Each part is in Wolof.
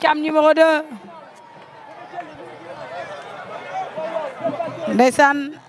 Thiam numéro 2 ndeysaan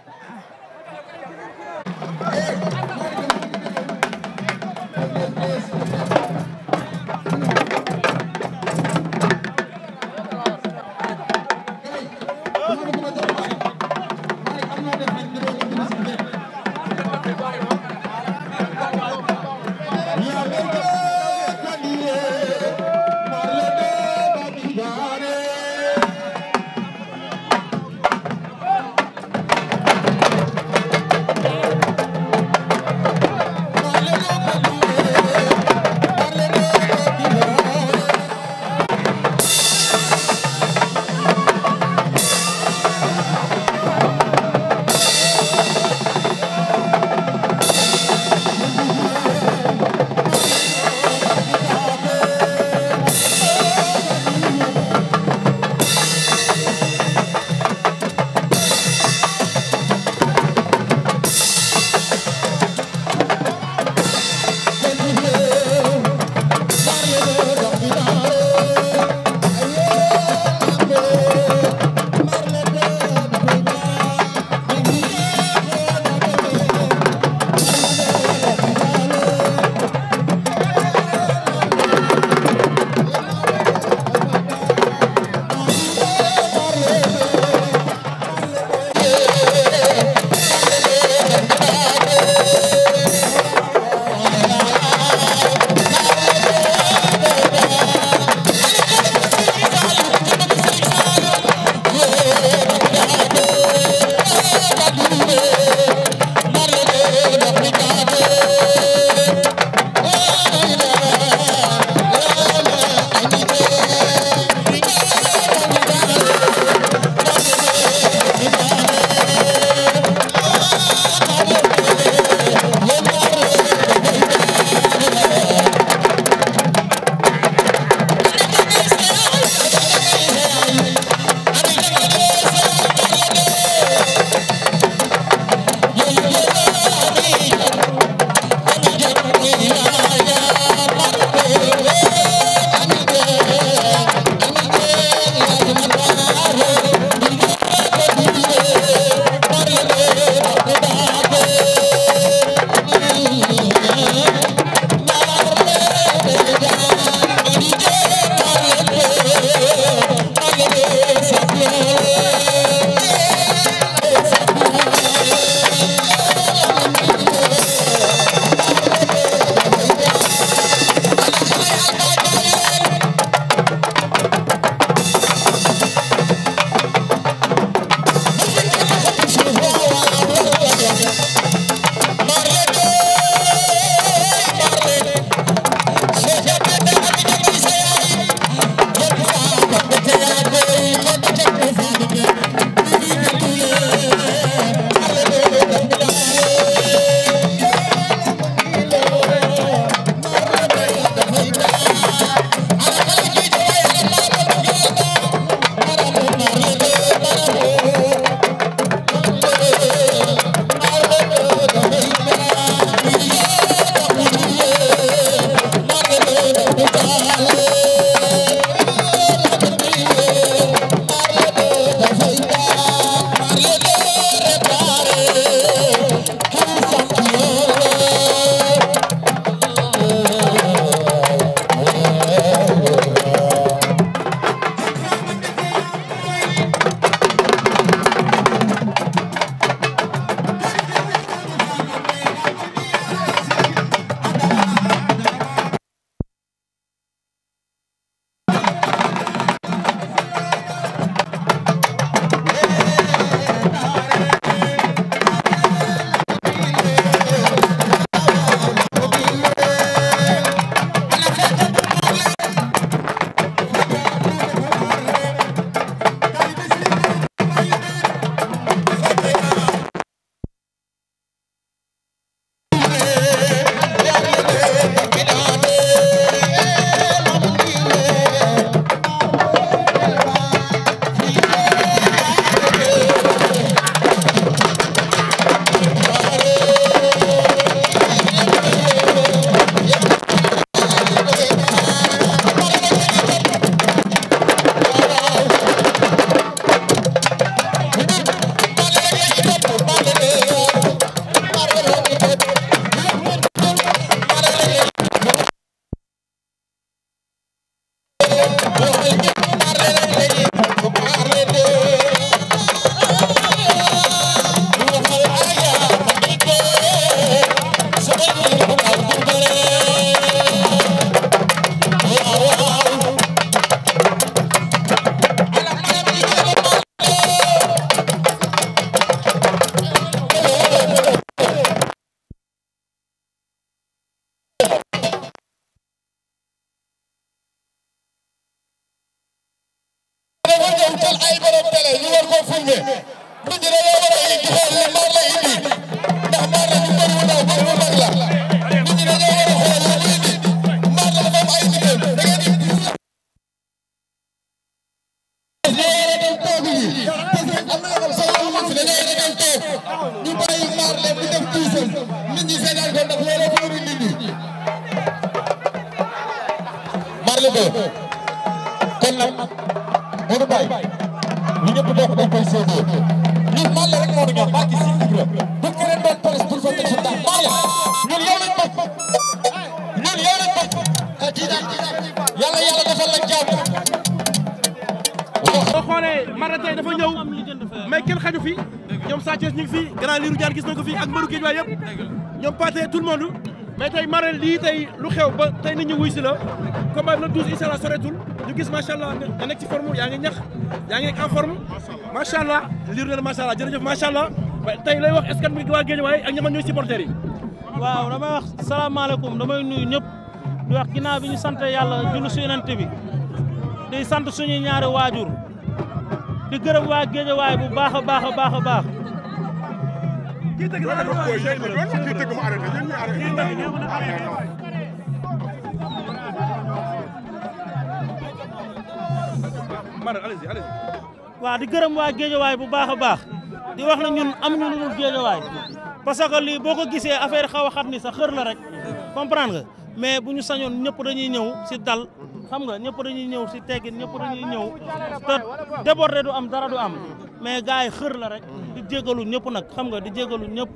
Médou Baye li ñëpp bokk dañ koy séedee ñun Balla rek moo ñu ñor barki si Ibra bu ñu leen doon Prince pour fa tëj daal Balla ñun yow lañ bëgg ñun yow lañ bëgg yàlla yàlla xoolee mara dafa ñëw mais kenn xaju fi ñoom Sa Thiès ñu ngi fi grand liiru jaar gis na ko fi ak mbëru géej yëpp ñoom Pathé tout le mais tey Marème lii tey lu xew ba tey nit ñi wuy si la combat bi la douze incha allah soreetul ñu gis macha allah nga nekk ci forme yaa ngi ñax yaa ngi nekk en forme macha allah liir na la macha allah jërëjëf macha allah tey lay wax askan bi waa Guédiawaye ak ñi ma ñooy supporters yi. waaw damay wax salaamaaleykum damay nuyu ñëpp di wax ginnaaw bi ñu sant yàlla julli si yonent bi di sant suñuy ñaari waajur di gërëm waa Guédiawaye bu baax a baax baax a baax. kii tëgg la ko koy yéen di gërëm waa géejawaay bu baax a baax di wax na ñun am ñu lu dul que lii boo ko gisee affaire xaw a xat ni sa xër la rek comprendre nga mais bu ñu sañoon ñëpp dañuy ñëw si xam nga ñëpp dañuy ñëw si teggin ñëpp dañuy ñëw te débordé du am dara du am mais gars yi xër la rek mm-hmm. di jégalu ñëpp nag xam nga di jégalu ñëpp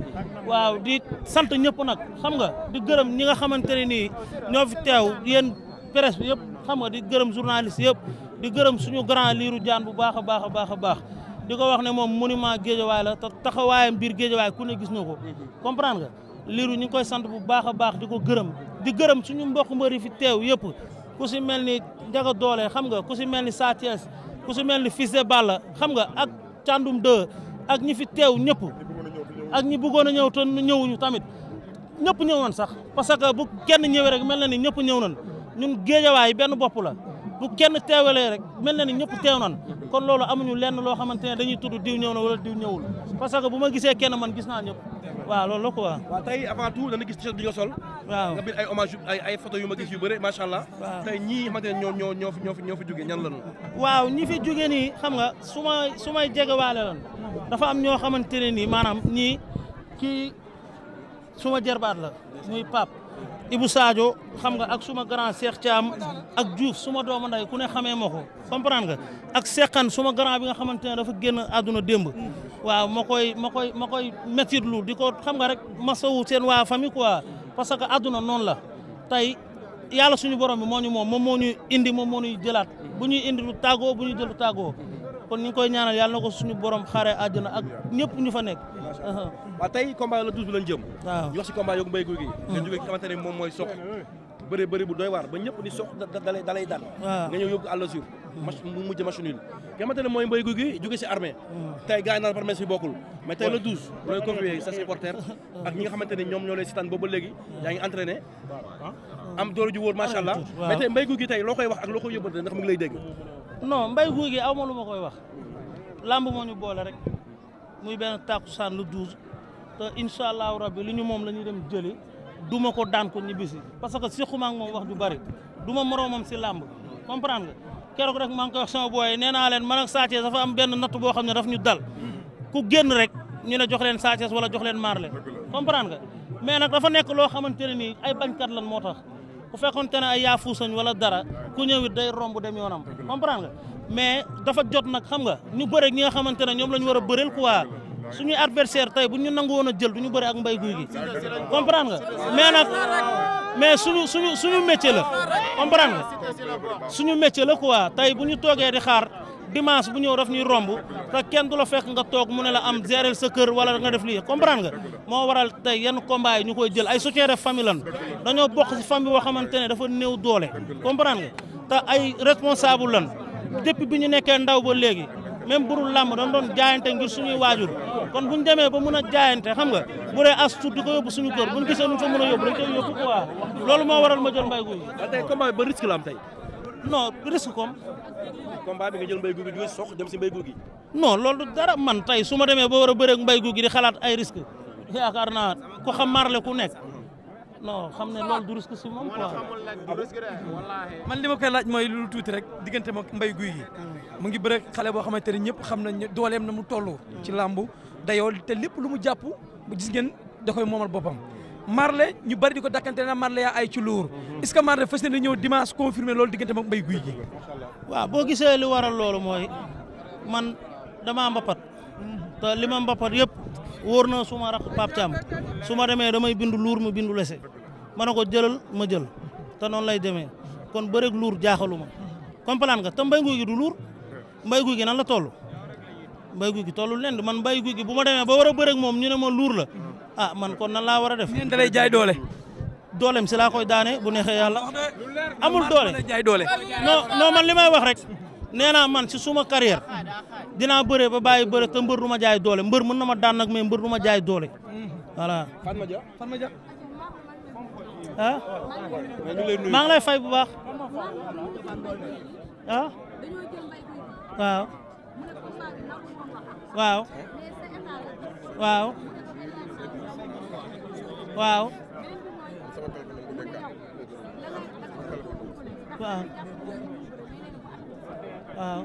waaw di sant ñëpp nag xam nga di gërëm ñi nga xamante ne nii ñoo fi teew yéen presse bi yëpp xam nga di gërëm journaliste yëpp di gërëm suñu grand liiru jaan bu baax a baax a baax a baax di ko wax ne moom monument géejawaay la te taxawaayam biir géejawaay ku ne gis na ko mm-hmm. comprendre nga liiru ñi ngi koy sant bu baax a baax di ko gërëm di gërëm suñu mbok mbër yi fi teew yëpp ku si mel ni njaga doole xam nga ku si mel ni Sa Thiandoum 2 ak ñi fi teew ñëpp ak ñi bëggoon a ñëw te ñëwuñu tamit ñëpp ñëw sax parce que bu kenn ñëwee rek mel na ni ñëpp ñëw nañ ñun géejawaay benn bopp la bu kenn teewalee rek mel na ni ñëpp teew nañ kon loolu amuñu lenn loo xamante ne dañuy tudd diw ñëw na wala di ñëwul parce que bu ma gisee kenn man gis naa ñëpp waaw loolu la quoi. waaw tey avant tout dana gis t-shirt bi sol. waaw nga bind ay hommage ay ay photo yu ma gis yu bëri macha allah. waaw tey ñii xamante ne ñoo ñoo ñoo fi ñoo fi ñoo fi jógee ñan lañu. waaw ñi fi jógee nii xam nga su ma su may jegewaale lan dafa am ñoo xamante ne nii maanaam ñii kii su ma jarbaat la muy Pape. Ibou Sadio xam nga ak suma grand Cheikh Thiam ak Diouf suma doomu nday ku ne xamee ma ko comprendre nga ak Seckane suma grand bi nga xamante ne dafa génn àdduna démb waaw ma koy ma koy ma koy métitlu di ko xam nga rek masawu seen waa famille quoi parce que àdduna noonu la tey yàlla suñu borom bi moo ñu moom moom moo ñu indi moom moo ñuy jëlaat bu ñuy indi lu tàggoo bu ñuy jël lu tàggoo kon ni ñu koy ñaanal yàlla na ko suñu borom xaaree àjjana ak ñëpp ñu fa nekk. Uh-huh. waaw tey combat la douze bi lañ jëm. ñu wax si combat yooyu mbéy guy gi. nga jógee ki xamante ba ñëpp ni sox da lay mooy mbéy guy gi jógee si armée. Hmm. tey gars yi naan promesse yi bokkul. mais tey le douze. looy confier sa supporter ak ñi nga xamante ne ñoom ñoo lay sitaan boobu ba léegi. Hmm. yaa ngi entraîné. Hmm. am doole ju wóor macha allah. mais tey mbéy guy gi tey loo koy wax ak loo koy yóbbante ndax mu ngi lay dégg non mbay guy gi aw ma lu ma koy wax làmb moo ñu boole rek muy benn tàkkusaan lu douze te incha allahu rabbi li ñu moom la ñuy dem jëli du ma ko daan ko ñibbisi parce que siquma ak moom wax ju bari du ma moroomam si làmb comprendre nga keroog rek maa ngi koy wax nee naa leen man ak Sathiès dafa am benn natt boo xam ne dafa ñu dal ku génn rek ñu ne jox leen Sathiès wala jox leen Marley comprendre nga mais nag dafa nekk loo xamante ne nii ay bañkat lan moo tax bu fekkoon te ne ay yaafuusañ wala dara ku ñëw it day romb dem yoonam comprendre nga mais dafa jot nag xam nga ñu bëre ñi nga xamante ne ñoom la ñu war a bëreel quoi suñuy adversaire tey bu ñu nangu woon a jël du ñu ak mbay guy gi comprendre nga mais nag mais suñu suñu suñu métier la comprendre nga suñu métier la quoi tey bu ñu toogee di xaar dimanche bu ñëw daf ñuy romb te kenn du la fekk nga toog mu ne la am gérer sa kër wala nga def lii comprendre nga moo waral tey yenn combat yi ñu koy jël ay soutien de famille lan dañoo bokk ci famille boo xamante ne dafa néew doole comprendre nga te ay responsable lan jëpp bi ñu nekkee ndaw bo léegi même burul làmb dañ doon jaayante ngir suñuy waajur kon bu ñu demee ba mun a jaayante xam nga bu dee as tuut di ko yóbbu suñu kër bu ñu gisee lu ñu a yóbbu dañ koy yóbbu loolu moo waral ma jël mbay guy. tey combat ba risque la tey. non risque kom combat bi nga jël mbay gu gi jóge sox dem si mbay gu no lool loolu dara man tey su ma demee ba war a bëreek mbay gu gi di xalaat ay risque yaakaar naa ko xam marle ku nekk non xam ne loolu du risque si moom quoi. man li ma koy laaj mooy lu tuuti rek diggante ma mbay guy gi mu ngi bëre xale boo xamante ne ñëpp xam nañ dooleem na mu toll. ci làmb dayoo te lépp lu mu jàpp gis ngeen dakoy koy moomal boppam. Marley ñu bari di ko dakkante na Marley yaa ay ci luur mhm. est-ce que ñëw dimanche confirmé loolu diggante mag mbay guy gi waaw boo gisee li waral loolu mooy man damaa mbapat te li ma mbapat yëpp wóor na su ma rakk su ma demee damay bindu luur mu bindu lese ma ne ko jëlal ma jël te noonu lay demee kon bëreeg luur jaaxalu ma comprendre nga te mbay guy gi du luur mbay guy gi nan la toll mbay guy gi tollul leen man bay guy gi bu ma demee ba war a moom ñu ne ma luur la a ah, man kon nan laa war def. ñeent lay jaay doole. dooleem si koy daane bu neexee yàlla. amul doole jaay doole. non non li may wax nee naa man si suma carrière dinaa bëree ba bàyyi bëre te mbër du ma jaay doole mbër mën na ma daan nag mais mbër du ma jaay doole voilà. ah lay fay bu baax ah? waaw waaw waaw. waaw. waaw. waaw.